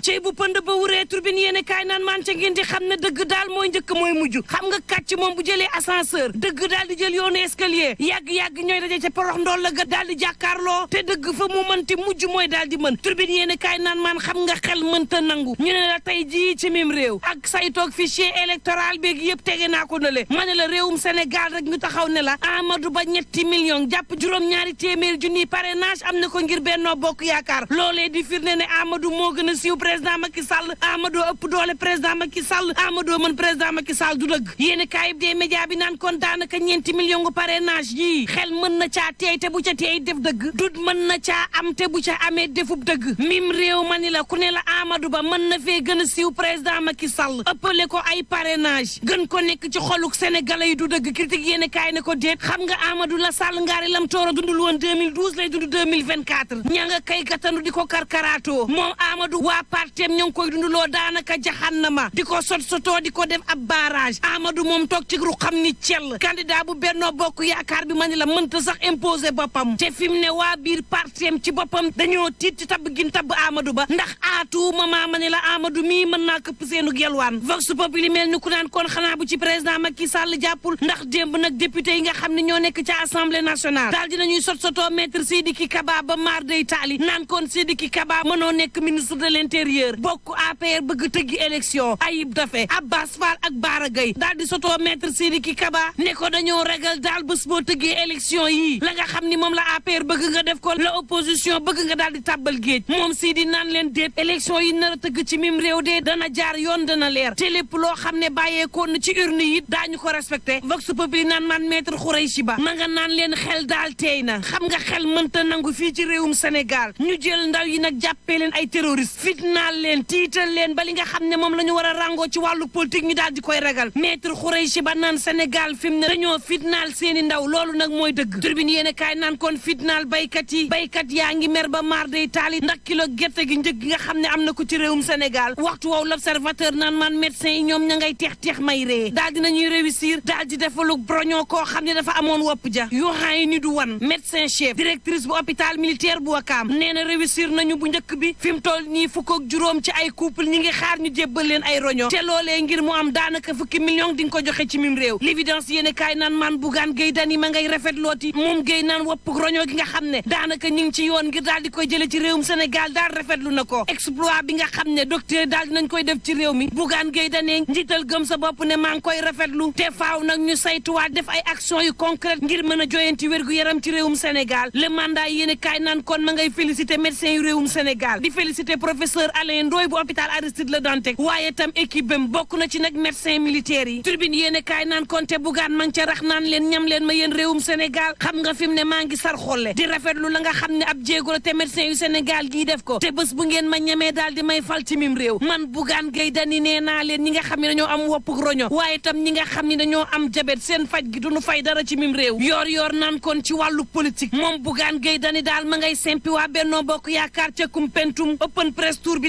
cey bu pënd ba wuree turbine yéen kaay naan maan ca ngeen di xam ne dëgg daal mooy njëkk mooy mujj xam nga kàcc moom bu jëlee ascenseur dëgg daal di jël yoonu escalier yàgg-yàgg ñooy daje ca porox ndool la ga daal di jàkkaarloo te dëgg fa mu mënti mujj mooy daal di mën turbine yéen kaay naan maan xam nga xel mënta nangu ñu ne la tey jii ci mim réew ak say toog fichier électoral beeg yëpp tege naa ko na le ma ne la réewum senegal rek ñu taxaw ne la Amadou Ba ñetti million jàpp juróom-ñaari téeméeri junniy parrainage am na ko ngir Benno Bokk Yaakaar loolee di firnde ne Amadou moo gën a siiw président Macky Sall Amadou ëpp doole président Macky Sall Amadou mën président Macky Sall du dëgg yéen kaayib dee média bi naan kon daanaka ñeenti million gu parrainage yii xel mën na caa teey te bu ca teey def dëgg dut man na caa am te bu ca amee defub dëgg mim réew ma ni la ku ne la Amadou Ba man na fee gën a siiw président Macky Sall ëppale ko ay parrainage gën ko nekk ci xoluk senegal yi du dëgg critique yéen kaay ne ko déet xam nga Amadou la Sall ngaari lam tooro dundul woon 2012 lay dund 2024 ña nga kay gatandu di ko karkaraatoo moom Amadou waa partem ñoo ngi koy dunduloo daanaka jahannama di ko sot sotoo di ko def ab barrage amadu moom toog ci ru xam ni cell candidat bu Benno Bokk Yaakaar bi ma la mënta sax imposer boppam te fi mu ne waa biir partem ci boppam dañoo tiit ci tabb gin tabb amadu ba ndax aatu mama ma ni la Amadou mii mën naa këpp seenug yelwaan vox populi mel ni ku naan kon xanaa bu ci président Macky Sall jàppul ndax démb nag député yi nga xam ne ñoo nekk ci assemblée nationale daal dinañuy sot sotoo maître Sidiki Kaba ba maar day taali naan kon Sidiki Kaba mënoo nekk ministre de l'intérieur intérieur bokk APR bëgg tëggi élection Ayib Daffé Abbas Fall ak Bara Gueye daal di sotoo maître Sidiki Kaba ne ko dañoo ragal daal bés boo tëggee élection yi la nga xam ni moom la APR bëgg nga def ko la opposition bëgg nga daal di tàbbal géej moom sii di naan leen déet élection yi nar a tëgg ci mim réew de dana jaar yoon dana leer te lépp loo xam ne bàyyeekoon na ci urne yi daañu ko respecté vox populi naan man maître Khoureychi Ba ma nga naan leen xel daal teey na xam nga xel mënta nangu fii ci réewum Sénégal ñu fitnaal leen tiital leen ba li nga xam ne moom la ñu a ràngoo ci wàllu politique ñu daal di koy ragal maître Khoureychi ba naan Sénégal fi mu na dañoo fitnaal seeni ndaw loolu nag mooy dëgg turbine yéen a kaay naan kon fitnaal baykat yi baykat yaa ngi mer ba maar day taali ndax kilo gerte gi njëg gi nga xam ne am na ko ci réewum Sénégal waxtu woowu l'observateur naan man médecin yi ñoom ña ngay teex teex may ree daal dinañuy réussir daal di defalu broñoo koo xam ne dafa amoon wopp ja yoxaan yi ni du wan médecin chef directrice bu hôpital militaire bu Wakaam nee na réussir bi juróom ci ay couple ñi ngi xaar ñu jébbal leen ay roño te loolee ngir mu am daanaka fukki million di nga ko joxe ci mim réew l'évidence yéen kaay naan man bugaan géy dan yi ma ngay rafet looti moom géy naan wopp roño gi nga xam ne daanaka ñi ngi ci yoon ngir daal di koy jële ci réewum Sénégal daal rafetlu na ko exploit bi nga xam ne docteur daal nañ koy def ci réew mi bugaan géy danee njiital gëm sa bopp ne maa ngi koy rafetlu te faaw nag ñu saytuwaat def ay action yu concrète mën a joyanti wér-gu-yaram ci réewum Sénégal le mandat yéen kaay naan kon ma ngay félicité médecins yu Sénégal di félicité professeur Alain Ndoye bu hôpital Aristide Le Dantec waaye tam équipe bam bokk na ci nag médecin militaires yi tribune yéene kaay naan konté bugaan man ca rax naan leen ñam leen ma yéen réewum Sénégal xam nga fi mu ne maa ngi sar xolle di lu la nga xam ne ab jéego la te médecin yu Sénégal gii def ko te bés bu ngeen ma ñamee daal di may fal ci mim réew man bugaan gay dani nee naa leen ñi nga xam ne dañoo am woppuk roño waaye tam ñi nga xam ne dañoo am jabet seen faj gi duñu fay dara ci mim réew yoor yoor naan kon ci wàllu politique moom bugaan gay dani daal ma ngay simpi waa bennoo bokk yaakaar ca kumpentum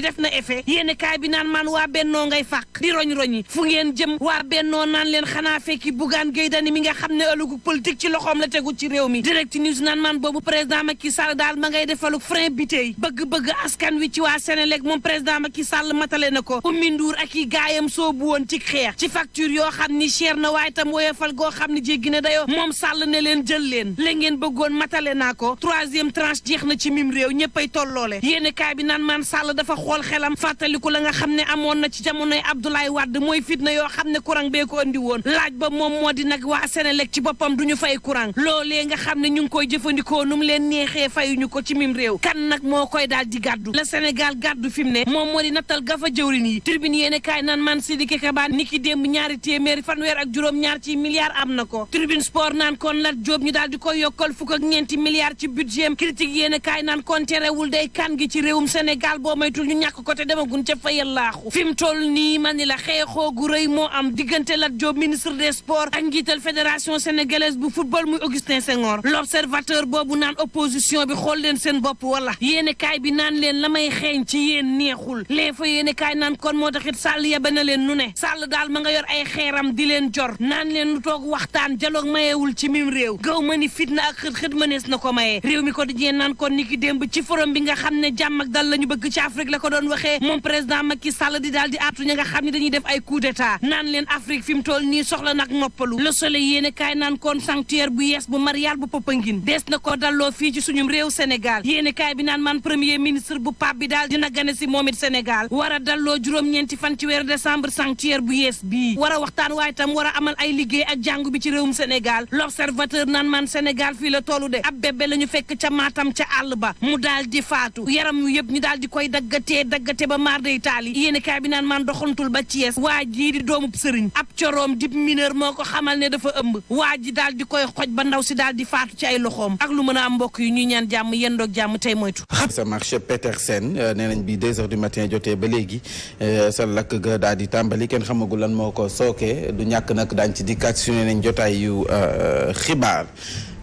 bi def na effet yéen kaay bi naan maan waa bennoo ngay fàq di roñ-roñi fu ngeen jëm waa bennoo naan leen xanaa fekki Bougane Gueye Dany mi nga xam ne ëllëgu politique ci loxoom la tegu ci réew mi direct news naan maan boobu président Macky Sall daal ma ngay defalu frein bitey bëgg-bëgg askan wi ci waa Sénélec moom président ki Sall matale na ko Oumy Ndour ak i gaayam soobu woon ci xeex ci facture yoo xam ni cher na waaye tam woyofal goo xam ne jéggi na dayoo moom Sall ne leen jël leen la ngeen bëggoon matale naa ko troisième tranche jeex na ci mim réew ñëppay tolloole yéen kaay bi naan maan Sall dafa xool xelam fàttaliku la nga xam ne amoon na ci jamonoy Abdoulaye Wade mooy fitna yoo xam ne courant bee ko woon laaj ba moom moo di nag waa Senelec ci boppam du ñu fay courant loolee nga xam ne ñu ngi koy jëfandikoo nu mu leen neexee fayuñu ko ci mim réew kan nag moo koy daal di gàddu la Sénégal gàddu fi mu ne moom moo di nattal gafa jëwrin yi tribune yéene kaay naan man Sidiki Kaba ni ki démb ñaari téeméeri fanweer ak juróom-ñaar ci milliards am na ko tribune sport naan kon Lat Diop ñu daal di koy yokkal fukk ak ñeenti milliards ci budget critique yéene kaay naan kon terewul day kan gi ci réewum Sénégal boo maytul ñu ñàkk ko te demagun ca fa yàllaaxu fi mu toll nii ma ni la xeexoo gu rëy moo am diggante Lat Diop ministre des sports ak njiital fédération sénégalaise bu football muy Augustin Senghor l'observateur boobu naan opposition bi xool leen seen bopp wala yéene kaay bi naan leen la may xeeñ ci yéen neexul lee fa yéene kaay naan kon moo taxit Sall yebe na leen nu ne Sall daal ma nga yor ay xeeram di leen jor naan leen nu toog waxtaan dialogue mayewul ci mim réew gaw ma ni fitna ak xët xët na ko maye réew mi ko naan kon niki démb ci forum bi nga xam ne jàmm ak dal bëgg ci Afrique la ko doon waxee moom président Macky Sall di daal di àttu ñi nga xam ne dañuy def ay coup d'état naan leen Afrique fi mu toll nii soxla nag moppalu Le Soleil yéene kaay naan kon sanctuaire bu yees bu Marial bu Popenguine dees na ko dalloo fii ci suñum réew Sénégal yéene kaay bi naan man premier ministre bu Pape bi daal dina gane si moom it Sénégal war a juróom-ñeenti fan ci weeru décembre sanctuaire bu yees bi war a waxtaan waaye tam war a amal ay liggéey ak jàngu bi ci réewum Sénégal L'Observateur naan man Sénégal fii la tollu de ab bébé la ñu fekk ca Matam ca àll ba mu daal di faatu yaram yëpp ñu daal di koy daggati dagatee daggate ba maar day taali yéeni kaay bi naan maan doxantul ba Thiès waa jii di doomub sëriñ ab coroom dib mineur moo ko xamal ne dafa ëmb waa ji dal di koy xoj ba ndaw si daal di faatu ci ay loxoom ak lu mën a am mbokk yu ñuy ñaan jàmm yendoog jàmm tey moytu sa marché Petersen euh, nee nañ bi deux heures du matin jotee ba léegi euh, sa lakk ga daal di tàmbali kenn xamagul lan moo ko sooke du ñàkk nag daañ ci dikkaat su ne nañ jotaay yu euh, xibaar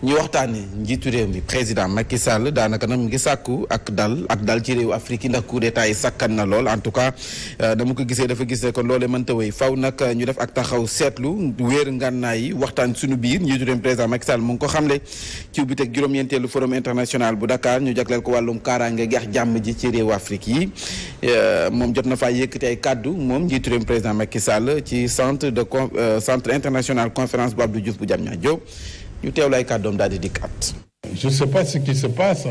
ñu waxtaan waxtaanee njiitu réew mi président Macky Sall daanaka na mu ngi sàkku ak dal ak dal ci réew Afrique yi ndax coup d'état yi sakkan na lool en tout cas dama euh, ko gisee dafa gis ne kon loolee mënta wéy faw nag ñu def ak taxaw seetlu weer ngànnaay yi waxtaan suñu biir njiitu réew mi président Macky Sall mu ngi ko xamle ci ubbi teg juróom-ñeenteelu forum international bu Dakar ñu jagleel ko wàllum kaaraange geex jàmm ji ci réew Afrique yi euh, moom jot na faa yëkkati ay kàddu moom njiitu réew président Macky Sall ci centre de euh, centre international conférence bu Abdou Diouf bu Diamniadio ñu teew ay kàddoom daal di dikkaat. je sais pas ce qui se passe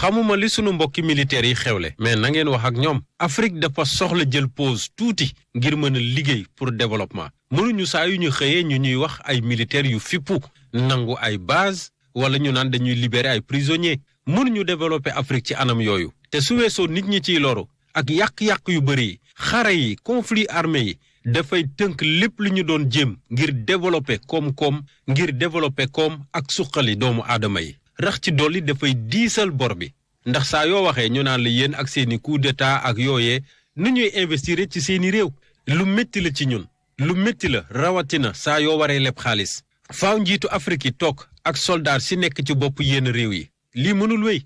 xamuma li sunu mbokki militaires yi xewle. mais nangeen wax ak ñoom. Afrique dafa soxla jël pause tuuti ngir mën a liggéey pour développement mënuñu saa yu ñu xëyee ñu ñuy wax ay militaires yu fippu nangu ay base wala ñu naan dañuy libérer ay prisonniers mënuñu développer Afrique ci anam yooyu. te su weesoo nit ñi ciy loru ak yàq-yàq yu bëri yi xare yi conflit armé yi. dafay tënk lépp lu ñu doon jéem ngir développer koom-koom ngir développer koom ak suqali doomu aadama yi rax ci dolli dafay diisal bor bi ndax saa yoo waxee ñu naan la yéen ak seeni coup ak yooye nu ñuy investir ci seeni réew lu métti la ci ñun lu métti la rawatina saa yoo waree leb xaalis faaw njiitu Afrique yi toog ak soldaar si nekk ci bopp yenn réew yi lii mënul wéy.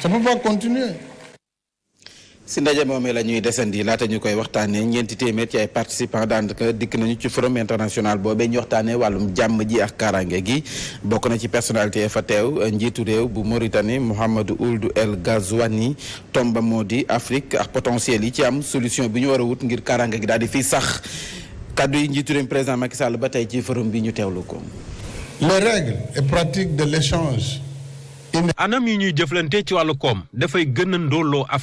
ça peut pas si ndaje moomee la ñuy desandi laata ñu koy waxtaanee ñeenti téeméer ci ay participants daanaka dikk nañu ci forum international boobee ñu waxtaanee wàllum jàmm ji ak kaaraange gi bokk na ci personnalité fa teew njiitu réew bu Mauritanie Mouhamadou Ould El Ghazouani tomba moo di Afrique ak potentiel yi ci am solution bi ñu war a wut ngir kaaraange gi daal di fii sax kàddu yi njiitu réew président Macky Sall ba tey ci forum bi ñu teewlu ko. les règles et pratiques anam yi ñuy jëflante ci wàllu koom dafay gën a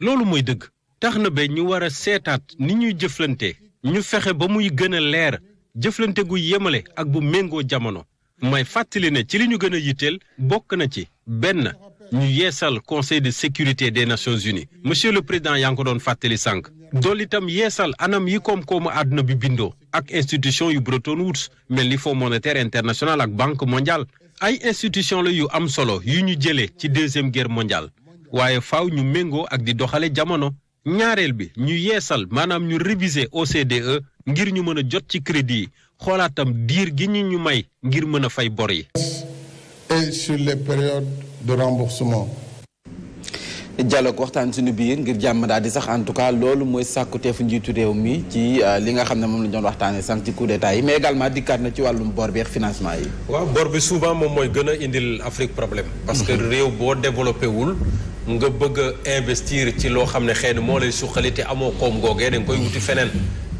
loolu mooy dëgg tax na ba ñu war a seetaat ni ñuy jëflantee ñu fexe ba muy gën a leer jëflante gu yemale ak bu méngoo jamono may fàttali ne ci li ñu gën a yitteel bokk na ci benn ñu yeesal conseil de sécurité des nations unies monsieur le président yaa ngi ko doon fàttali sànq dool itam yeesal anam yi koom-koomu àdduna bi bindoo ak institution yu Bretton Woods mel ni Fonds monétaire international ak banque mondiale ay institution la yu am solo yu ñu jëlee ci deuxième guerre mondiale waaye faw ñu méngoo ak di doxale jamono ñaareel bi ñu yeesal maanaam ñu réviser OCDE ngir ñu mën a jot ci crédit yi xoolaatam diir gi ñu ñu may ngir mën a fay bor yi. et sur les périodes de remboursement. dialogue waxtaan suñu biir ngir jàmm daal di sax en tout cas loolu mooy fu njiitu réew mi ci euh, li nga xam ne moom la ñu doon waxtaanee sànq ci coup d'état yi mais également dikkaat na ci wàllum bor bi ak financement yi. waaw bor bi souvent moom mooy gën a indil Afrique problème. parce que mhm. réew boo développé wul. nga bëgg investir ci loo xam ne xëy na moo lay suqali amoo koom googee da nga koy wuti feneen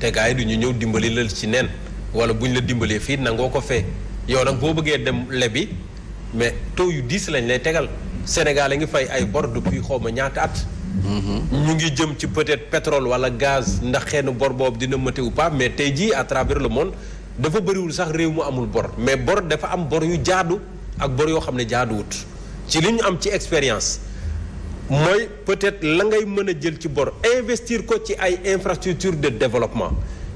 te gars yi du ñëw dimbali lal ci neen wala bu ñu la dimbalee fii nangoo ko fee yow nag boo bëggee dem lebi mais taux yu diis lañ lay tegal Sénégal a ngi fay ay bor depuis xaw ma ñaata at. Mhm. ñu ngi jëm ci peut-être pétrole wala gaz ndax xëy na bor boobu dina mëte ou mais tey jii à travers le monde dafa bëriwul sax réew mu amul bor mais bor dafa am bor yu jaadu ak bor yoo xam ne jaaduwut ci li ñu am ci expérience. mooy peut-être la ngay mën a jël ci bor investir ko ci ay infrastructure de développement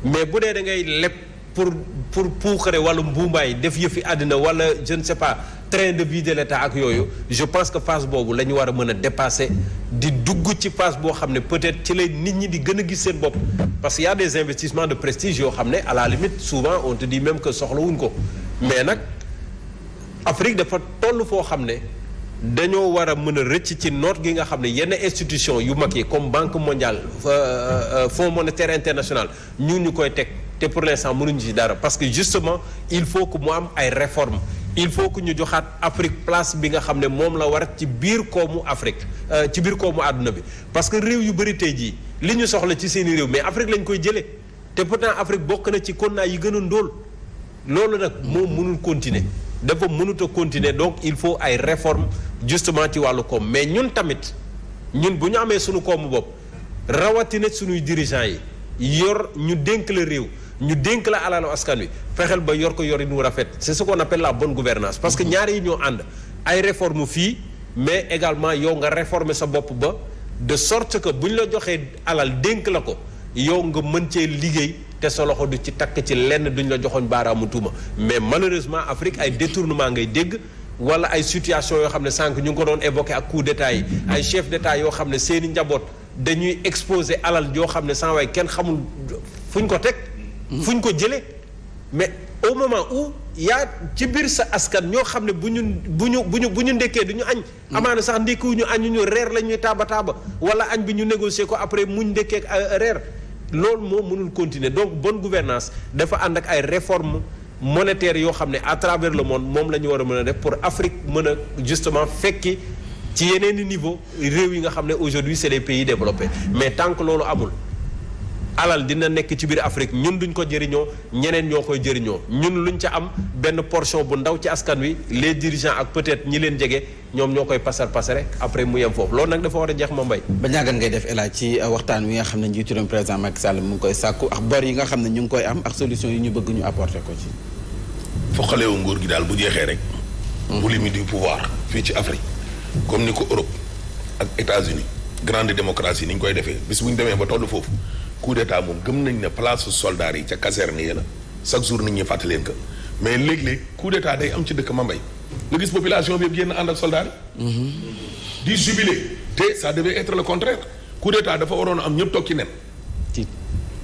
mais bu dee da ngay leb pour pour puuxare wala mbuumbaay def yëfi àddina wala jeune ne sais pas train de vie ak yooyu je pense que phase boobu la ñu war a mën a dépasser di dugg ci phase boo xam ne peut-être ci lay nit ñi di gën a gis seen bopp parce que y des investissements de prestige yoo xam ne à la limite souvent on te dit même que soxlawuñ ko mais nag Afrique dafa toll foo xam ne dañoo war a mën a rëcc ci noot gi nga xam ne yenn institution yu mag yi comme banque mondiale euh, euh, fonds monétaire international ñu ñu koy teg te pour l'instant mënuñu ci dara parce que justement il faut que mu am ay réformes il faut que ñu joxaat Afrique place bi nga xam ne moom la war ci biir koomu Afrique euh, ci biir koomu àdduna bi parce que réew yu bëri tey jii li ñu soxla ci seeni réew mais Afrique lañ koy jëlee te pourtant Afrique bokk na ci continent yi gën a ndóol loolu nag moom mënul continuer dafa mënut a continuer donc il faut ay réformes justement ci wàllu koom mais ñun tamit ñun bu ñu amee suñu koomu bopp rawatina suñuy dirigeants yi yor ñu dénk la réew ñu dénk la alalu askan wi fexeel ba yor ko yorin wu rafet c'est ce qu'on appelle la bon guvernance parce que ñaari yi ñoo ànd ay réformes fii mais également yow nga réformer sa bopp ba de sorte que bu ñu la joxee alal dénk la ko yow nga mën cee liggéey te sa loxo du ci takk ci lenn duñ la joxoñ baaraamu tuuma mais malheureusement Afrique ay détournement ngay dégg wala ay situation yoo xam ne sànq ñu ngi ko doon évoqué ak coup d'état yi ay chef yoo xam ne seeni njaboot dañuy exposé alal yoo xam ne sans kenn xamul fuñ ko teg fuñ ko jëlee mais au moment où yaa ci biir sa askan ñoo xam ne bu ñu bu ñu bu ñu bu ñu ndekkee du ñu añ amaana sax ndekkiwu ñu añu ñu reer la ñuy taaba taaba wala añ bi ñu négocier ko après mu ndekkee euh, reer loolu moo mënul continuer donc bon gouvernance dafa ànd ak ay réformes monétaires yoo xam ne à travers le monde moom la ñu war a mën a def pour Afrique mën a justement fekki ci yeneen i niveau réew yi nga xam ne aujourd'hui c'est les pays développés mais tànk loolu amul alal dina nekk ci biir Afrique ñun duñ ko jëriñoo ñeneen ñoo koy jëriñoo ñun luñ ca am benn portion bu ndaw ci askan wi les dirigeants ak peut-être ñi leen jege ñoom ñoo koy pasar pasare après mu yem foofu loolu nag dafa war a jeex ma mbay ba ñaagan ngay def elaaj ci euh, waxtaan wi nga xam ne njiitu réew président Macky Sall mu ngi koy sàkku ak bor yi nga xam ne ñu ngi koy am ak solution yi ñu bëgg ñu apporter ko ci foqalewu nguur gi daal bu jeexee rek bu hmm. limi du pouvoir fii ci Afrique comme ni ko Europe ak États-Unis grande démocratie ni ñu koy defee bis bu demee ba toll foofu coup d'état moom gëm nañ ne place soldats yi ca caserne yi la chaque jour nit ñi fàttali leen ko mais léeg-léeg coup d'état day am ci dëkk Mambay nga gis population bi yëpp génn ak soldats yi. Mm-hmm. di jubilé te ça devait être le contraire coup d'état dafa waroon am ñëpp toog ci nen. ci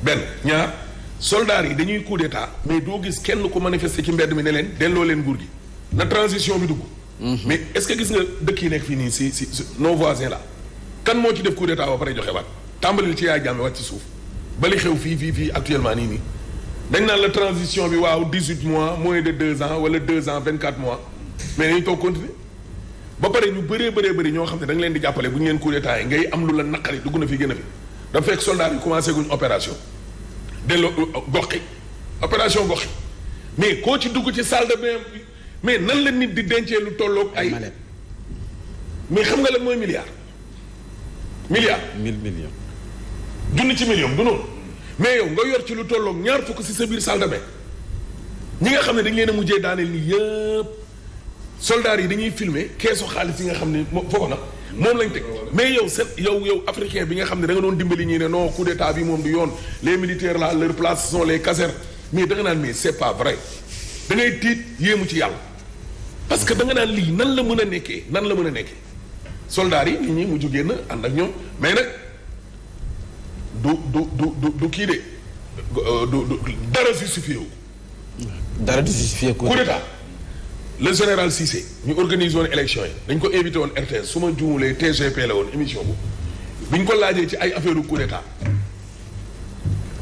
benn ñaar soldats yi dañuy coup d'état mais doo gis kenn ku manifester ci mbedd mi ne leen delloo leen nguur gi na transition bi dugg. Mm-hmm. mais est-ce que gis nga dëkk yi nekk fii nii si si nos voisins là kan moo ci def coup d'état ba pare joxe waat tàmbalil ci yaay jàmm ci suuf. ba li xew fii fii fii actuellement nii nii dañ naan la transition bi waaw dix huit mois moins de deux ans wala deux ans vingt quatre mois mais dañu toog continuer ba pare ñu bëree bëree bëri ñoo xam ne da leen di jàppale bu ñu leen coup d'état yi am lu la naqari dugg na fi gën a fi dafa fekk soldat yi commencé guñ opération delloo euh, goxi mais koo ci dugg ci salle de bi mais nan la nit di dencee lu tollook ay mais xam nga lan mooy milliard milliard mille millions junni ci million du noonu mais yow nga yor ci lu tollook ñaar fukk si sa biir salle de ñi nga xam ne dañ leen mujjee daaneel nii yëpp soldats yi dañuy filmer keesu xaalis yi nga xam ne moom foofu nag moom lañ teg mais yow seen yow yow africain bi nga xam ne da nga doon dimbali ñi ne non coup d'état bi moom du yoon les militaires là leur place sont les casernes mais da nga naan mais c'est pas vrai dangay ngay tiit yéemu ci yàlla parce que da nga naan lii nan la mën a nekkee nan la mën a nekkee soldats yi nit ñi mujj génn ànd ak ñoom mais nag. du du du du kii de euh, du du dara justifié wu. dara justifié ko. coup d'état le général Cissé ñu organiser woon élection yi dañ ko invité woon RTS su ma juumulee TGP la woon émission bu bi ñu ko laajee ci ay affaire du coup d'état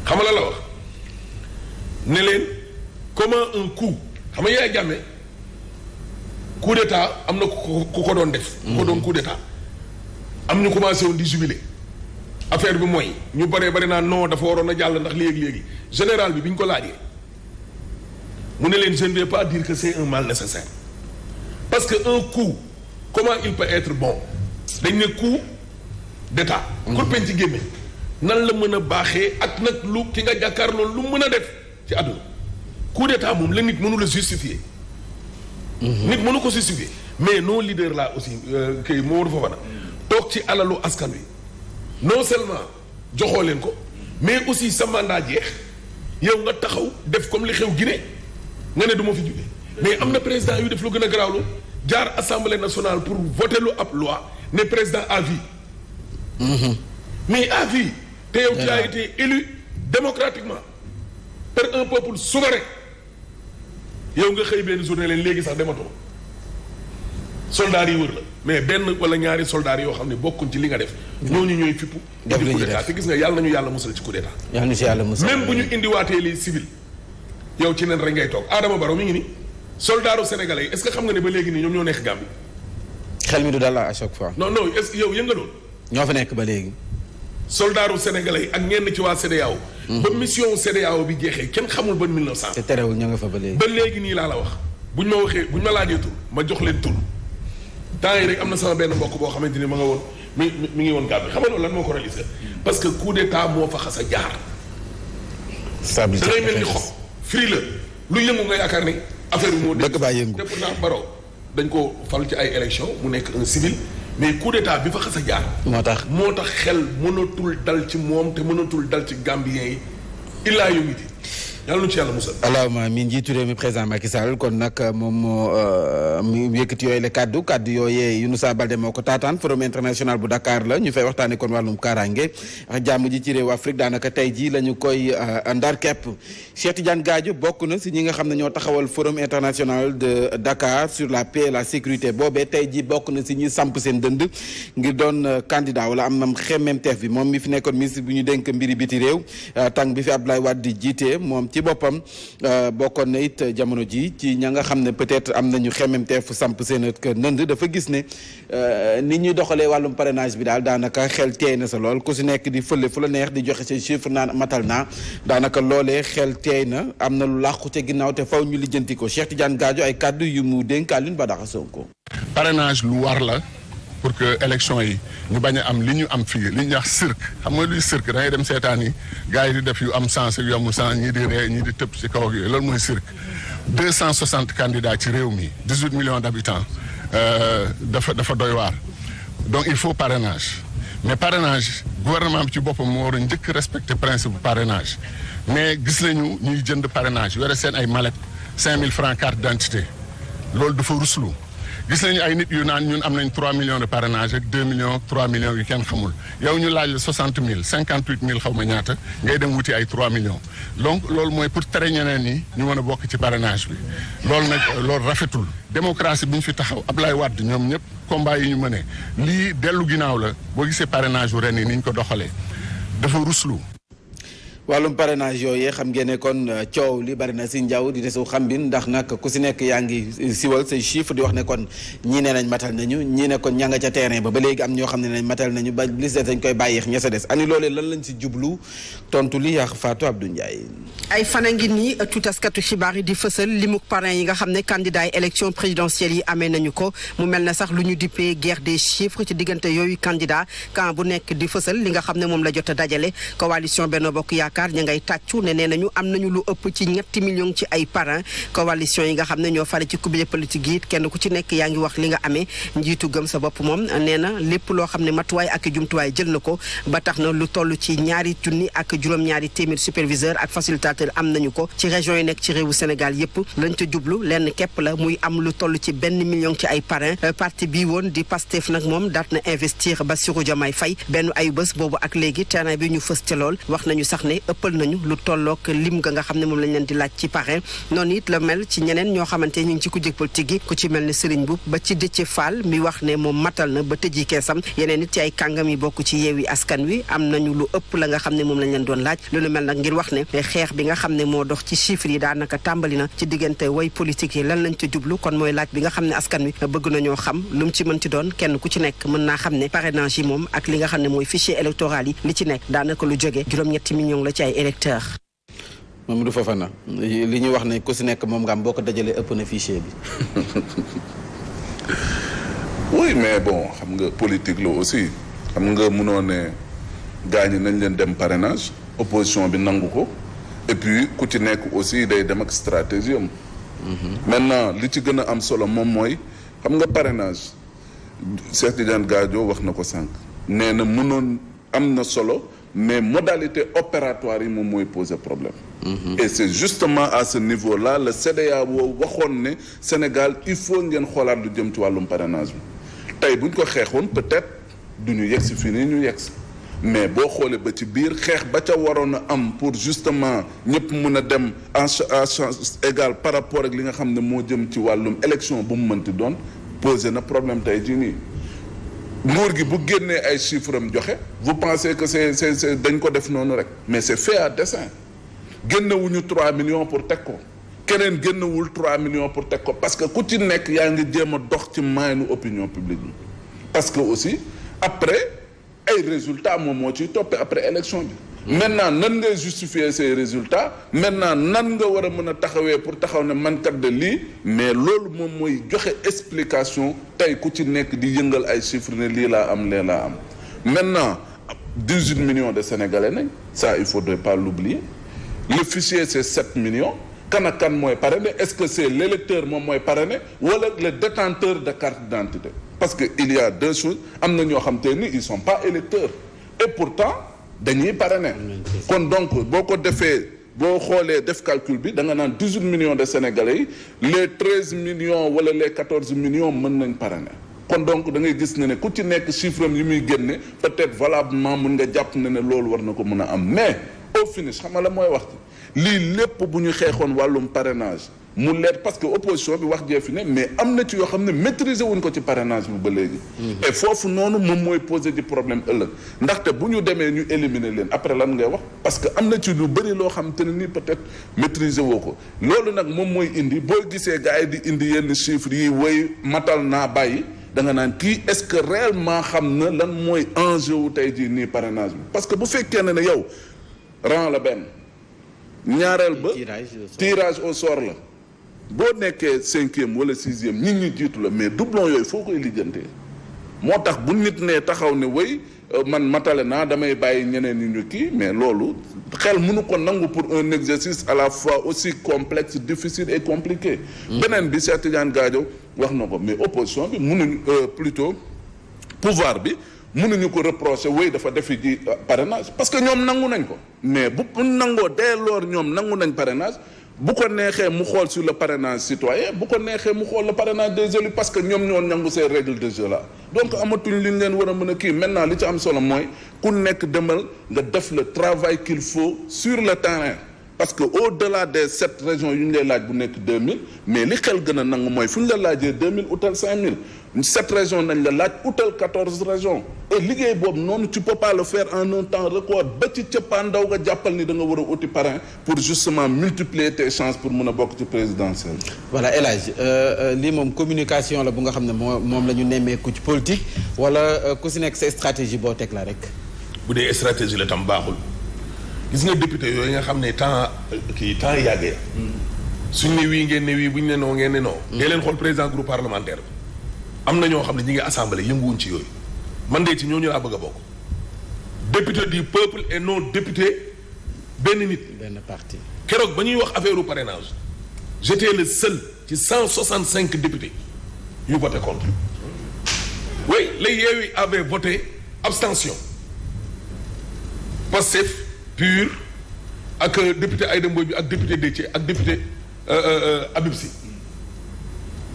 xam nga la wax ne leen comment un coup xam nga yaay jàmme coup d'état am na ku ko ku ko doon def. ku ko doon mm-hmm. coup d'état am ñu commencé woon di jubiler. affaire bi mooy ñu bëree bëri naa non dafa waroon a jàll ndax léegi-léegi général bi bi ñu ko laajee mu ne leen je ne vais pas dire que c'est un mal nécessaire parce que un coup comment il peut être bon dañ ne coup d'état mhm. kurpeñ ci gémmiñ nan la mën a baaxee ak nag lu ki nga jàkkaar loolu lu mën a def ci àdduna coup d'état moom la nit mënu la justifier mhm. nit mënu ko justifier mais nos leaders là aussi kay moo dafa fa na toog ci alalu askan wi non seulement joxoo leen ko mais aussi sa mandat jeex yow nga taxaw def comme li xew gine nga ne du ma fi jóge mais am na président yu def lu gën a garaawlu jaar assemblée nationale pour voter lu ab loi ne président à vie. Mmh. mais à vie. te yow tu as été élu démocratiquement par un peuple souverain yow nga xëy benn journée leen léegi sax dematoo. soldats yi wër la mais benn wala ñaari soldaar yoo xam ne bokkuñ ci li nga def. Mm-hmm. ñooñu ñooy fippu. indi coup d'état te gis nga yàlla nañu yàlla musal ci coup d'état. yàlla nañu si yàlla musal même bu ñu indiwaatee lii civil. yow ci nen rek ngay toog Adama Barrow mi ngi ni soldaaru sénégalais yi est ce que xam nga ne ba léegi nii ñoo nekk Gambie. xel mi du dal à chaque fois. non non est ñoo fa nekk ba léegi. soldaaru sénégalais yi ak ñenn ci waa CEDEAO. Mm-hmm. ba mission CEDEAO bi jeexee kenn xamul ba 1900. te terewul ña nga fa ba léegi. ba léegi nii laa la wax buñ ma waxee buñ ma laajee ma jox leen tur temps yi rek am na sama benn bokk boo xamante ni ma nga woon mi mi ngi woon gàmbi xam nga loolu lan moo ko réalisé parce que coup d'état moo fa xas a jaar. stabilité da ngay mel ni xob firi la lu yëngu nga yaakaar ni affaire bi moo. dëgg baa yëngu te pourtant dañ koo fal ci ay élection mu nekk un mais coup d'état bi fa xas a jaar. moo tax moo tax xel mënatul dal ci moom te mënatul dal ci gambien yi illaa yu ngi yàlla nu ci yàlla musal. allahumma amiin mi présent Macky Sall kon nag moom euh, mu yëkkati yooyu la kaddu kaddu yooyee Younoussa Baldé moo ko taataan forum international bu dakaar la ñu fay waxtaane kon wàllum kaaraange jàmm ji ci réew Afrique daanaka tey jii lañu koy euh, ndar kepp Cheikh Tidiane Gadio bokk na si ñi nga xam ne ñoo taxawal forum international de Dakar sur la paix la sécurité boobee tey jii bokk na si ñi samp seen dënd ngir doon euh, candidat wala am nam xemmemteef bi moom mi fi nekkoon ministre bu ñu dénk mbiri biti réew tàng bi fi Abdoulaye Wade di jiite moom ci boppam euh, bokkoon na it jamono ji ci ña nga xam ne peut-être am nañu xemmemteefu samp seen nënd dafa gis ne euh, nit ñuy doxalee wàllum parrainage bi daal daanaka xel teey na sa lool ku si nekk di fële fu la neex di joxe seen chiffre naan matal naa daanaka loolee xel teey na am na lu làqu ca ginnaaw te faw ñu lijjanti ko Cheikh Tidiane Gadio ay kàddu yu mu dénk ba Badara Sonko parrainage lu war la. pour que élection yi ñu bañ am li ñu am fii li ñu wax cirque xam nga luy cirque da dem seetaan yi gars yi di def yu am sens yu amul sens ñii di ree ñii di tëb ci kaw ak yooyu loolu mooy cirque deux cent soixante ci réew mi dix huit millions d' euh, dafa dafa doy waar donc il faut parrainage mais parrainage gouvernement bi ci boppam moo war a njëkk respecter principe parenage mais gis nañu ñuy jënd parrainage yore seen ay mallette cinq mille francs carte dentité identité loolu dafa ruslu gis nañu ay nit yu naan ñun am nañ 3 millions de parrainage ak 2 millions 3 millions yu kenn xamul yow ñu laaj la 60 000 58 000 xaw ma ñaata ngay dem wuti ay 3 millions donc loolu mooy pour tere ñeneen ñi ñu mën a bokk ci parrainage bi loolu nag loolu rafetul démocratie bi ñu fi taxaw Ablaye Wade ñoom ñëpp combat yi ñu mëne lii dellu ginnaaw la boo gisee parenage wu ren yi ni ñu ko doxalee dafa ruslu wàllum parrainage yooyee xam ngeen ne kon euh, coow li bari na si njaw di desu xam ndax nak ku si nekk yaa ngi euh, siwal say chiffre di wax ne kon ñii nee nañ matal nañu ñii ne kon ña nga ca terrain ba ba léegi am ñoo xam ne nañ matal nañu ba liste dañ koy bàyyeex ña sa des ani loolee lan lañ si jublu tontu li yaax Fatou Abdou Ndiaye ay fana ngi nii euh, tutaskatu xibaar yi di fësal limuk parrain yi nga xam ne candidat yi élection présidentielle yi amee nañu ko mu mel na sax lu ñu dippee guerre des chiffres ci diggante yooyu candidat quand bu nekk di fësal li nga xam ne moom la jot a dajale coalition Benno Bokk Yaakaar Dakar ña ngay tàccu ne nee nañu am nañu lu ëpp ci ñetti million ci ay parrain coalition yi nga xam ne ñoo fare ci kubile politique yi kenn ku ci nekk yaa ngi wax li nga amee njiitu gëm sa bopp moom nee na lépp loo xam ne matuwaay ak jumtuwaay jël na ko ba tax na lu toll ci ñaari junni ak juróom-ñaari téeméer superviseur ak facilitateur am nañu ko ci région yi nekk ci réewu Sénégal yépp lañ ca jublu lenn képp la muy am lu toll ci benn million ci ay parrain euh, parti bii woon di Pastef nag moom daat na investir Bassirou Diomaye Faye benn ay bés boobu ak léegi terrain bi ñu fës ca lool wax nañu sax ne ëppal nañu lu tollook lim ga nga xam ne moom lañ leen di laaj ci parrain noonu it la mel ci ñeneen ñoo xamante ñu ngi ci kujje politique gi ku ci mel ne Serigne Boub ba ci Déthié Fall mi wax ne moom matal na ba tëji keesam yeneen it ci ay kàngam yi bokk ci yeewi askan wi am nañu lu ëpp la nga xam ne moom lañ leen doon laaj loolu mel nag ngir wax ne xeex bi nga xam ne moo dox ci chiffres yi daanaka tàmbali na ci diggante way politique yi lan lañ ca kon mooy laaj bi nga xam ne askan wi bëgg nañoo xam lu mu ci mën ci doon kenn ku nekk mën naa xam ne parrainage yi moom ak li ne mooy fichier électoral yi li ci nekk daanaka lu jóge juróom-ñetti la ci ay électeurs. Mamadou Fofana li ñuy wax nañ ku si nekk moom nga am boo ko dajalee ëpp na fichier bi. oui mais bon xam nga politique la aussi xam nga mënoo ne gaañu nañ leen dem parrainage opposition bi nangu ko et puis ku ci nekk aussi day dem ak stratégie am. Mhm. maintenant li ci gën a am solo moom mooy xam nga parrainage Cheikh Tidiane Gadio wax na ko sànq. nee na mënoon am na solo. mais modalité opératoire yi moom mooy poser problème. Mm -hmm. et c'est justement à ce niveau là le CEDEAO waxoon ne Sénégal il faut ngeen xoolaat lu jëm ci wàllum parrainage bi tey bu ñu ko xeexoon peut-être du ñu yegsi fii ni ñu yegsi mais boo xoolee ba ci biir xeex ba ca waroon a am pour justement ñëpp mun a dem en chance égale par rapport ak li nga xam ne moo jëm ci wàllum élection bu mu mënti doon poser na problème tey jii nii. nguur gi bu génnee ay chiffres am joxe vous pensez que c'est c'est dañ ko def noonu rek mais c'est fait à dessein génnewuñu trois millions pour teg ko keneen génnewul trois millions pour teg ko parce que ku ci nekk yaa ngi jéem a dox ci maaynu opinion publique bi parce que aussi après ay résultats moom moo ciy toppee après élection bi maintenant nan ngay justifier résultat résultats maintenant nan nga war a mën a taxawee pour taxaw ne man kat de lii mais loolu moom mooy joxe explication tey ku ci nekk di yëngal ay chiffres ne lii laa am lee laa am maintenant 18 millions de sénégalais nañ ça il faudrait pas l'oublier le fichier c'est 7 millions kan ak kan mooy parrainé est-ce que c'est l'électeur moom mooy parrainé wala le détenteur de carte d'identité parce que il y a deux choses am na ñoo xam te ni ils sont pas électeurs et pourtant dañuy parrainer kon donc boo ko defee boo xoolee def calcul bi da nga naan dix-huit millions de sénégalais yi les treize millions wala les quatorze million mën nañ parrainer kon donc da ngay gis ne ne ku ci nekk chiffre am yi muy génne peut-être valablement mun nga jàpp ne ne loolu war na ko mën a am mais au finish xam la mooy wax lii lépp bu ñu xeexoon wàllum parrainage mu leer parce que opposition bi wax jee fi ne mais am na ci yoo xam ne maîtriser wuñ ko ci parrainage bi ba léegi. Mhm. et foofu noonu moom mooy poser di problème ëllëg ndaxte bu ñu demee ñu éliminer leen après lan ngay wax parce que am na ci lu bëri loo xam te ne nii peut-être maîtriser woo ko loolu nag moom mooy indi boo gisee gars yi di indi yenn chiffres yi woy matal naa bàyyi. da nga naan kii est-ce que réellement xam na lan mooy enjeu wu tey jii nii parrainage bi parce que bu fekkee ne ne yow rang benn ñaareel ba tirage au sort la boo nekkee cinquième wala sixième nit ñi jiitu la mais doublon yooyu foo koy lijjantee moo tax bu nit nee taxaw ne woy euh, man matale naa damay bàyyi ñeneen ñi ñu kii mais loolu xel mënu ko nangu pour un exercice à la fois aussi complexe difficile et compliqué. Mm-hmm. beneen bi Cheikh Tidiane Gadio wax na ko mais opposition bi mënuñ euh, plutôt pouvoir bi mënuñu ko reprocher woy dafa defi ji euh, parenage parce que ñoom nangu nañ ko mais bu nangoo dès lors ñoom nangu nañ parrainage. bu ko neexee mu xool sur le parrainage citoyen bu ko neexee mu xool la le parrainage des élus parce que ñoom ñoo nangu ces règles de jeu là donc amatuñ li ñu leen war a mën a kii maintenant li ci am solo mooy ku nekk demal nga def le travail qu'il faut sur le terrain parce que au-delà des sept région yu ñu lay laaj bu nekk deux mille mais li xel gën a nangu mooy fu ñu la laajee deux mille utal cinq mille sept régions nañ la laaj utal quatorze régions et liggéey boobu noonu ci peux pas le faire en temps record ba ci cëppaandaw nga jàppal ni da nga war a uti parrain pour justement multiplier tes chances pour mun a bokk ci présidentielle voilà El Hadj euh, euh, lii moom communication la bu nga xam ne moo moom la ñu nemmeeku ci politique wala euh, ku si nekk sa stratégie boo teg la rek bu dee stratégie la tam baaxul gis nga député yooyu nga xam ne temps kii temps yàggee hmm. suñ ne ne wii bu ñu ne noo ngeen ne noo hmm. ngay am na ñoo xam ne ñu ngi assemblée yënguwuñ ci yooyu man de ci ñu laa bëgg a bokk député du peuple et non député benn nit. benn parti keroog ba ñuy wax affaire u parrainage j'étais le seul ci cent députés cinq voté yu vote les Yewwi avaient voté abstention Pastef pur ak député Aïda Mbodj bi ak député Déthié ak député euh, euh, euh, Habib Sy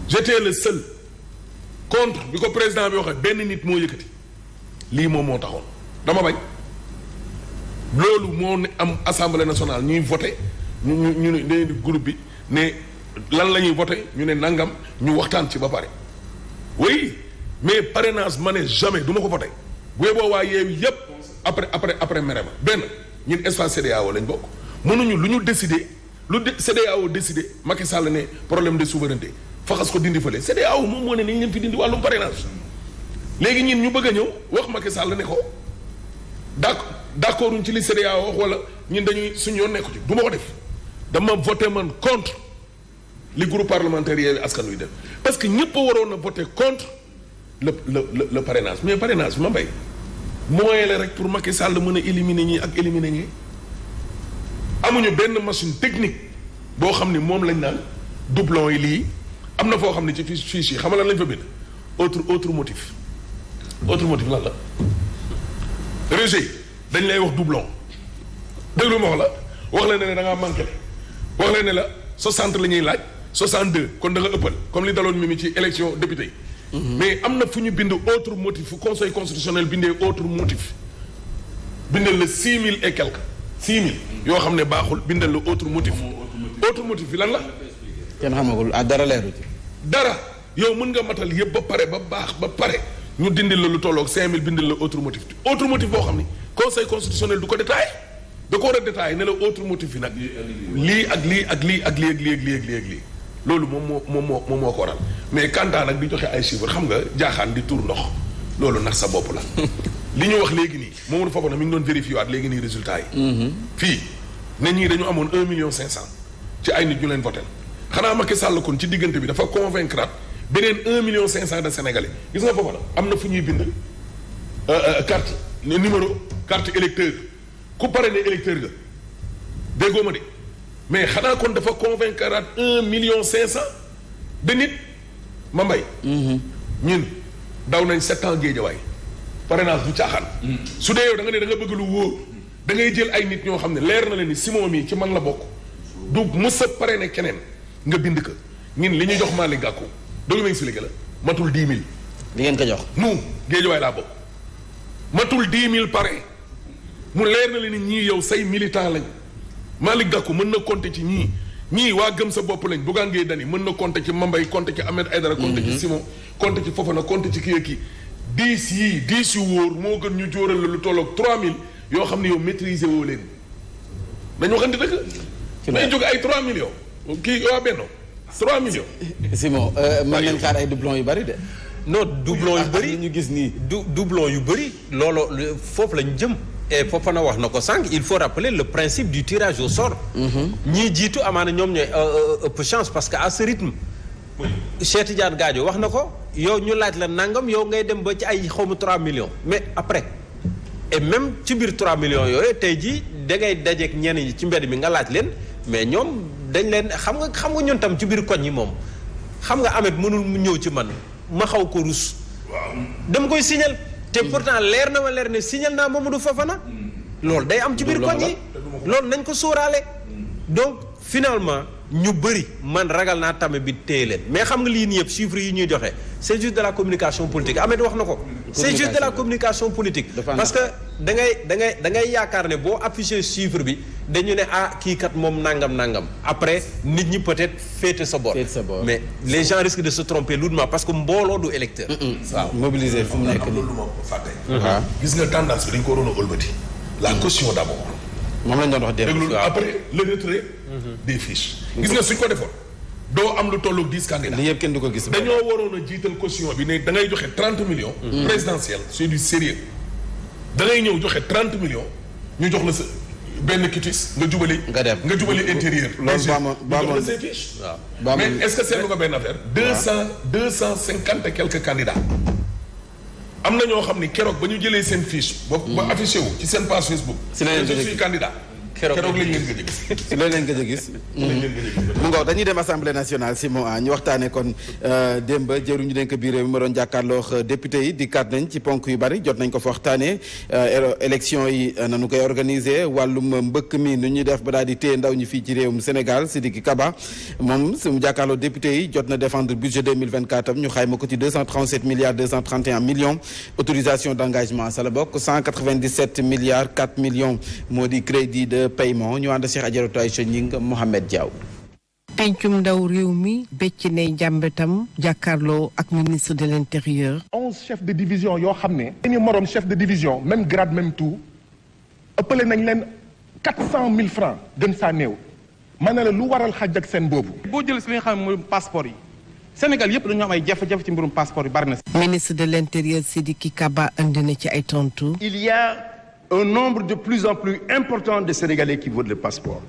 j'étais le seul. contre bi ko président bi waxee benn nit moo yëkkati lii moom moo taxoon dama bañ loolu moo ne am assemblée nationale ñuy voté ñu ñu ñu ne groupe bi ne lan la ñuy voté ñu ne nangam ñu waxtaan ci ba pare. oui mais parrainage ma ne jamais duma ko voté bu boo waa yeewu yépp après après après mere ma benn ñun espace CEDEAO lañ bokk mënuñu lu ñu décider lu CEDEAO décider Macky Sall ne problème de souveraineté. faxas ko dindi fële aw moom moo ne nañ leen fi dindi wàllum parrainage léegi ñin ñu bëgg a ñëw wax Macky Sall ne ko d'accord d'accord ci li CEDEAO wax wala ñun dañuy suñu yoon nekku ci du ma ko def dama voté man contre li groupe parlementaire Yewwi Askan Wi def parce que ñëpp waroon a voté contre le le le parrainage mais parrainage ma mbay mooy rek pour Macky Sall mën a éliminer ñi ak éliminer ñi amuñu benn machine technique boo xam ni moom lañ naan doublon yi lii. am na foo xam ne ci fiche fiche yi xam lan lañ fa bind autre autre motif autre motif lan la rejet dañ lay wax doublon déglu ma wax la wax la ne da ngaa manqué wax la ne la 60 la ñuy laaj 62 kon da nga ëppal comme li daloon Mimi ci élection député yi mhm. mais am na fu ñu bind autre motif fu conseil constitutionnel bindee autre motif bindal la 6000 e quelque 6000 yoo xam ne baaxul bindal la autre motif autre motif bi lan la kenn xamagul ah dara leeru dara yow mën nga matal yëpp ba pare ba baax ba pare ñu dindi la lu tolloog 5000 bindil la autre motif autre motif boo xam ni conseil constitutionnel du ko détaillé da ko war a détaillé ne la autre motif yi nag. lii ak lii ak lii ak lii ak lii ak lii ak lii ak lii. loolu moom moo moom moo moom moo ko waral mais kantaan ak di joxe ay chiffres xam nga jaaxaan di tuur ndox loolu nax sa bopp la. li ñu wax léegi nii Mamadou Fofana mi ngi doon vérifié waat léegi nii résultat yi. Mm-hmm. fii ne ñii dañu amoon un million cinq cent ci ay nit ñu leen voté. xanaa Macky Sall kon ci diggante bi dafa convaincre beneen un million cinq cent de sénégalais gis nga foofa am na fu ñuy bind euh, euh, carte ne numéro carte électeur ku pare ne électeur ga déggoo ma de mais xanaa kon dafa convaincre un million cinq cent de nit ma mbay mhm. ñun daw nañ sept ans géejawaay parrainage du caaxaan mhm. su dee yow da nga ne da nga bëgg lu wóor da ngay jël ay nit ñoo xam ne leer na leen ni Simon mii ci man la bokk du mës a parrainer keneen nga bind ko ñun li ñuy jox Malick Gakou déglu si expliqué la matul dix mille. li ngeen ko jox. nu Géejawaay laa bokk matul dix mille pare mu leer na la ni ñii yow say militant lañ Malick Gakou mën na compter ci ñii ñii waa gëm sa bopp lañ Bougane Gueye Dany mën na compter ci Mambay compter ci Ahmed Aïdara. compter ci mhm. Simon compter ci Fofana compter ci kii ak kii. dix yii dix yu wóor moo gën ñu jóoral la lu tolloog trois mille yoo xam ne yow maîtriser woo leen dañu waxante dëgg. ci may ay trois millions. kii waa Benno 3 millions. Simon euh, mën ngeen xaar ay doublons yu bari de. non doublons yu bari ñu gis nii. du doublons yu bari looloo foofu lañ jëm. foofu na wax na ko sànq il faut rappeler le principe du tirage au sort. Mhm. ñii jiitu amaana ñoom ñooy euh, euh, ëpp chance parce que à ce rythme. Cheikh Tidiane Gadio wax na ko yow ñu laaj la nangam yow ngay dem ba ci ay xaw xawma 3 millions mais après. et même ci biir trois millions yooyu tey jii dangay ngay dajeek ñenn ci mbedd mi nga laaj leen mais ñoom. dañ leen xam nga xam nga ñun tam ci biir koñ yi moom xam nga amet mënul mu ñëw ci man ma xaw ko rus. waaw dama koy signal. te hmm. pourtant leer na ma leer ne signal naa Mamadou Fofana. Hmm. loolu day am ci biir koñ yi loolu nañ ko sóoraale. Hmm. donc finalement ñu bëri man ragal naa tame bi téye leen mais xam nga lii nii yëpp chiffres yi ñuy joxe c'est juste de la communication politique Ahmed wax na ko. c'est juste de la communication politique parce que da ngay da ngay da ngay yaakaar ne boo affiché chiffre bi dañu ne ah kii kat moom nangam nangam après nit ñi peut-être féete sa bor mais les gens risquent de se tromper lourdement parce que mbooloo du électeur waaw mobiliser fu mu nekk nii loolu uh-huh. gis nga tendance bi dañ ko waroon a la mm-hmm. caution d'abord moom lañ doon wax déglu après le retrait mm-hmm. mm-hmm. gis nga suñ ko defoon doo am lu tolloog dix candidats. lii yëpp kenn du ko gis. dañoo waroon a jiital caution bi ne da ngay joxe trente millions. Mm. Mm. présidentielle c'est du sérieux da ngay ñëw joxe trente millions ñu jox la sa benn kitis nga jubali. nga dem nga jubali intérieur. loolu baamoon baamoon waaw mais est que seetlu nga benn affaire. deux cent deux cent cinquante et quelques candidats. am na ñoo xam ni keroog ba ñu jëlee seen fiche. ba ba mm. wu ci seen page Facebook. si la je candidat. keroog lañ leen gëj gis. si loolu lañ gëj a gis. mu ngoog dem assemblée nationale si moo ah, ñu waxtaanee kon euh, démb jëruñu denk biir réew mi ma doon jàkkaarloo euh, député yi dikkaat nañ ci ponk yu bari jot nañ ko fa waxtaanee euh, élection yi nanu koy organiser wàllum mbëkk mi nu ñu def ba daal di téye ndaw ñi fii ci réewum Sénégal Sidiki Kaba moom su mu jàkkaarloo député yi jot na défendre budget 2024 am ñu xayma ko ci 237 milliards 231 millions autorisation d' engagement sa la bokk milliards 4 moo di crédit de paiement ñu ànd Cheikh Adjaratou Aïcha Gning Mohamed Diaw pencum ndaw réew mi Béthiné Diambetam jàkkaarloo ak ministre de l'intérieur. onze chefs de division yoo xam ne. dañu moroom chef de division même grade même tout ëppale nañ leen quatre cent mille francs gën saa néew ma ne la lu waral xaj ak seen boobu. boo jëlee si li nga xam ne mooy passeport yi. Sénégal yëpp dañoo am ay jafe-jafe ci mbirum passeport yi bari na. ministre de l'intérieur Sidiki Kaba indi na ci ay tontu. un nombre de plus en plus important de Sénégalais qui votent le passeport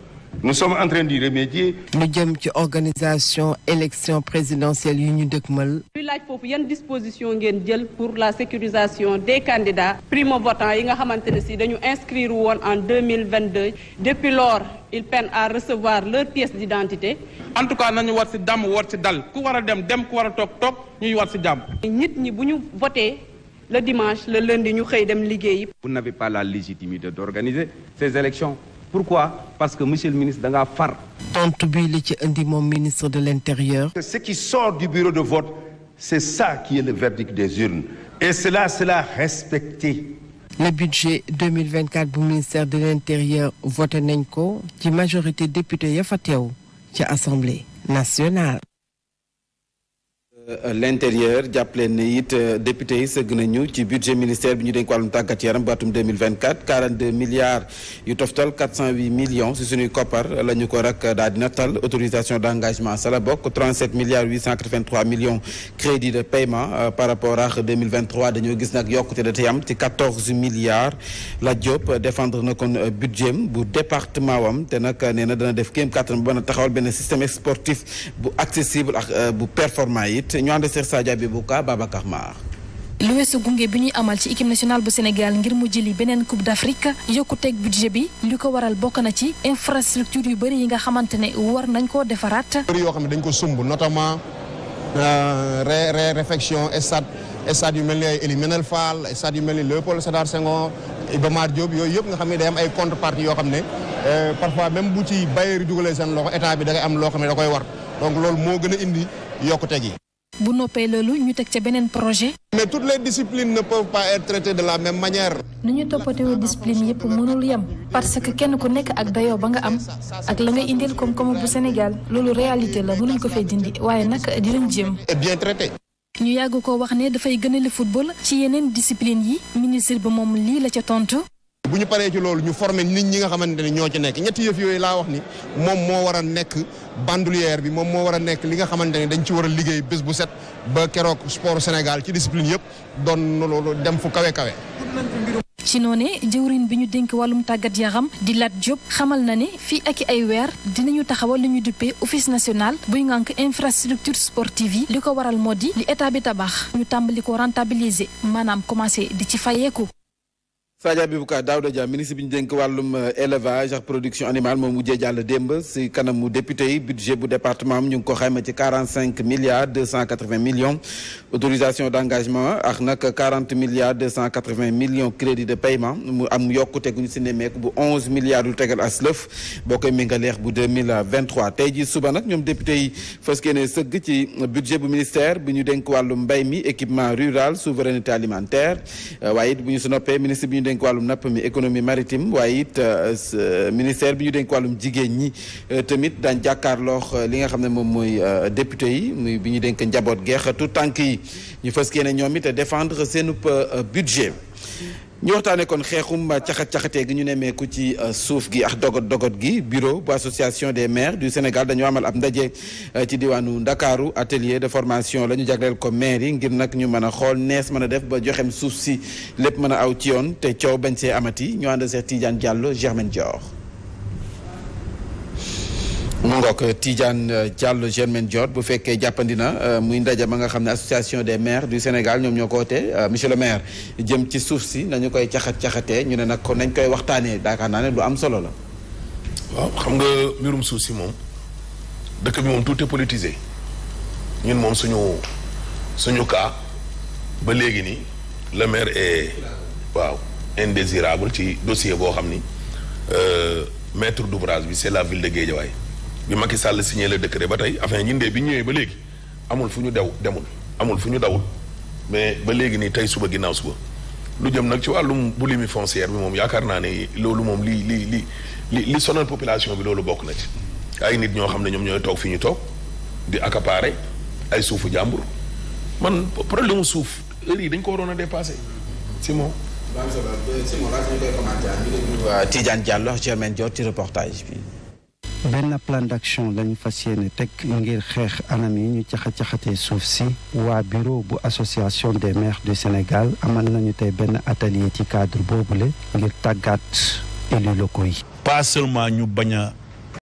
nous sommes en train d'y remédier. lu jëm ci organisation élection présidentielle yu ñu dëkkmal. luy laaj foofu yan disposition ngeen jël pour la sécurisation des candidats primo votants yi nga xamante ne si dañu inscrire woon en deux mille vingt deux depuis lors ils peinent à recevoir leur pièce d'identité en tout cas nañu war ci dàmm war ci dal ku war a dem dem ku war a toog toog ñuy war ci jàmm. nit ñi bu ñu voté. le dimanche le lundi ñu xëy dem liggéeyi. vous n'avez pas la légitimité d'organiser ces élections pourquoi parce que monsieur le ministre da ngaa far. tontu bi li ci indi moom ministre de l'intérieur. ce qui sort du bureau de vote ça qui est le verdict des urnes et cela cela respecté. le budget 2024 bu ministère de l'intérieur voté nañ ko ci majorité député ya fa teew ci assemblée nationale. Euh, l'intérieur jàppale ni it euh, député yi sëgg nañu ci budget ministère bi ñu dénk wàllum tàggat yaram ba milliards yu toftal millions si suñuy koppar la ko rek daal autorisation d' engagement milliards millions crédit de paiement euh, par rapport ak dañoo gis nag yokkute da tey am ci milliards la Diop défendre na kon budget bu département wam te nag nee dana def kéem kattan bu a taxawal benn système sportif bu accessible bu performant minutes ñu ànd Seex Sadia bi bu ka Babacar Mar lu weesu gunge bi ñuy amal ci équipe nationale bu Sénégal ngir mu jëli beneen coupe d'Afrique yokkuteeg budget bi li ko waral bokk na ci infrastructure yu bëri yi nga xamante ne war nañ koo defaraat. bëri yoo xam ne dañ ko sumb notamment euh, ré ré réfection stade yu mel ni ay Ely Manel Fall stade yu mel ni Léopold Sédar Senghor Iba Mar Diop yooyu yëpp nga xam ne day am ay contrepartie yoo xam ne euh, parfois même bu ci bailleurs yi dugalee seen loxo état bi da am loo xam ne da koy war donc loolu moo gën a indi yokkute gi. bu noppee loolu ñu teg ca beneen projet. mais toutes les disciplines ne peuvent pas être la même manière. nu ñu toppatewoo discipline yëpp mënul yem parce que kenn ku nekk ak dayo ba nga am ak la nga indil koom-koom bu Sénégal loolu réalité la mënuñ ko fee dindi waaye nag dinañ jéem. et bien traité. ñu yàgg ko wax ne dafay gënale football ci yeneen discipline yi ministre bi moom lii la ca tontu. bu ñu paree ci loolu ñu former nit ñi nga xamante ni ñoo ci nekk ñetti yëf yooyu laa wax ni moom moo war a nekk bandoulière bi moom moo war a nekk li nga xamante ni dañ ci war a liggéey bés bu set ba keroog sport Sénégal ci discipline yëpp doon loolu dem fu kawe kawe. ci noonee jëwriñ bi ñu dénk wàllum tàggat yaram di laat Diop xamal na ne fii ak ay weer dinañu taxawal li ñu duppee office national buy ngànk infrastructure sportive yi li ko waral moo di li état bi tabax ñu tàmbali ko rentabiliser maanaam commencé di ci fayeeku Sadia Bibouka Daouda Dia ministre bi ñu dénk wàllum euh, élevage ak production animale moom mujjee jàll démb si kanamu député yi budget bu département am ñu ngi ko xayma ci quarante cinq milliards deux cent quatre vingt millions autorisation d' engagement ak nag quarante milliards deux cent quatre vingt millions crédit de paiement mu am yokkute gu ñu si nemmeeku bu onze milliards yu tegal as lëf boo koy méngaleex bu deux mille vingt trois tey jii suba nag ñoom député yi fas yéene sëgg ci budget bu ministère bi ñu denk wàllum mbay mi équipement rural souveraineté alimentaire euh, dénk wàllum napp mi économie maritime waaye it euh, euh, ministère bi ñu dénk wàllum jigéen ñi euh, tamit daan jàkkaarloo li nga xam ne moom mooy député yi muy bi ñu dénk njaboot geex tout tànk yi ñu fas yéene ñoom it défendre seenub budget ñu waxtaanee kon xeexum caxat-caxatee gi ñu nemmeeku ci euh, suuf gi ak dogot dogot gi bureau bu association des maires du Sénégal dañu amal ab ndaje euh, ci diwaanu Ndakaaru atelier de formation la ñu jagleel ko maire yi ngir nag ñu mën a xool nees mën a def ba joxem suuf si lépp mën a aw ci yoon te coow bañ see amati ñu ànd seex Tidiane Diallo Germaine Dior mu ngoog Tidiane euh, Diallo Germaine Dior bu fekkee jàppandi na euh, muy ndaje ba nga xam ne association des maire du Sénégal ñoom ñoo ko woote euh, monsieur le maire jëm ci suuf si nañu koy caxat caxatee ñu ne nag kon nañ koy waxtaane daakaar naa ne lu am solo la. waaw xam nga mbirum suuf si moom dëkk bi moom tout est politisé ñun moom suñu suñu cas ba léegi nii le maire est waaw indésirable ci dossier boo xam ni du d'ouvrage bi c'est la ville de Guédiawaye bi Macky Sall signé le décret ba tey enfin ñun de bi ñëwee ba léegi amul fu ñu dew demul amul fu ñu dawul mais ba léegi nii tey suba ginnaaw suba lu jëm nag ci wàllum bu limi foncière bi moom yaakaar naa ne loolu moom li li li li li sonal population bi loolu bokk na ci ay nit ñoo xam ne ñoom ñooy toog fu ñu toog di accaparer ay suufu jàmbur man problème mu suuf heure yi dañ ko waroon a dépassé Simon. Simon Tidiane Diallo Germaine Diop ci reportage bi. benn plan d'action lañu fas yéene teg ngir xeex anam yi ñu caxa-caxatee suuf si waa bureau bu association des maires du Sénégal amal nañu tey benn atelier ci cadre boobule ngir tàggaat élus locaux yi